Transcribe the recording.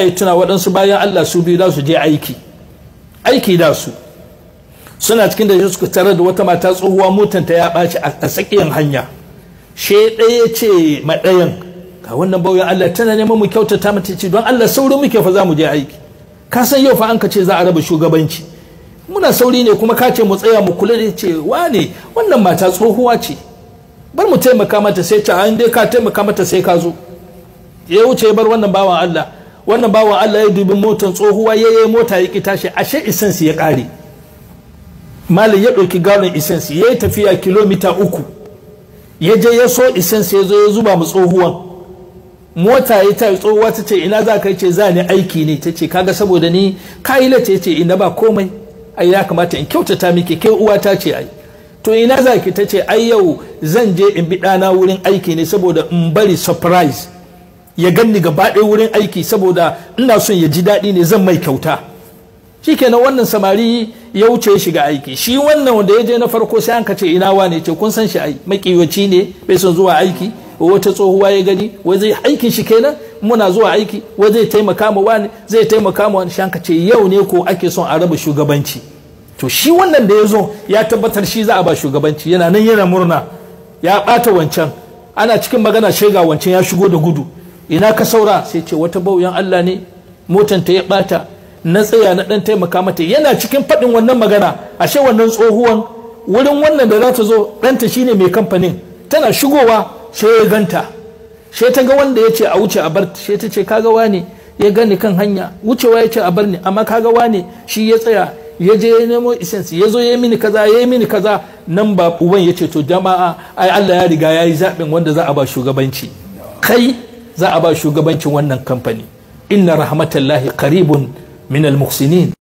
ya tuna waɗansu bayan Allah su biyu za su je aiki aiki da su suna cikin da suka tare da wata mata tsohuwa motanta ya ɓaci a tsakiyar hanya she ɗaya ce maɗayan ga wannan bauyan Allah tana neman mu kyautata mata ce don Allah sauri muke fa za mu je aiki ka san yau fa an ka ce za a raba shugabanci muna sauri ne kuma ka ce mu tsaya mu kula da ce wane wannan mata tsohuwa ce bar mu taimaka mata sai ta an dai ka taimaka mata sai ka zo ya wuce bar wannan bawan Allah wannan bawan Allah ya dubi motar tsohuwa ya yi mota ya ki tashi ashe isansi ya ƙare malin ya ɗauki galon isansi ya yi tafiya kilomita uku ya je ya so isansi ya zo ya zuba mu tsohuwan mota ya ta tsohuwa ta ce ina za ka ce za ni aiki ne ta ce kaga saboda ni kayila ce ce ina ba komai ai ya kamata in kyautata miki ke uwa ta ce ai to ina za ki ta ce ai yau zan je in bi ɗana wurin aiki ne saboda in bari surprise ya ganni gaba ɗaya wurin aiki saboda ina son ya ji daɗi ne zan mai kyauta shikenan wannan samari ya wuce ya shiga aiki shi wannan wanda ya je na farko sai an ina wane ce kun san shi ai makiwaci ne bai son zuwa aiki wata tsohuwa ya gani wai zai aikin shi kenan muna zuwa aiki wai zai taimaka ma wani zai taimaka ma shi an yau ne ko ake son a raba shugabanci to shi wannan da ya zo ya tabbatar shi za a ba shugabanci yana nan yana murna ya bata wancan ana cikin magana shega wancan ya shigo da gudu ina ka saura sai ce wata bauyan Allah ne motanta ya bata na tsaya na dan taimaka mata yana cikin faɗin wannan magana ashe wannan tsohuwan wurin wannan da za ta zo ɗanta shine mai kamfanin tana shigowa sai ya ganta sai ta ga wanda ya ce a wuce a bar sai ta ce kaga wane ya gani kan hanya wucewa ya ce a bar ni amma kaga wane shi ya tsaya ya je ya nemo isensi ya zo ya yi mini kaza ya mini kaza nan ba uban ya ce to jama'a ai Allah ya riga ya yi zaɓin wanda za a ba shugabanci kai za a ba shugabancin wannan kamfani inna rahmatallahi qaribun min al-muhsinin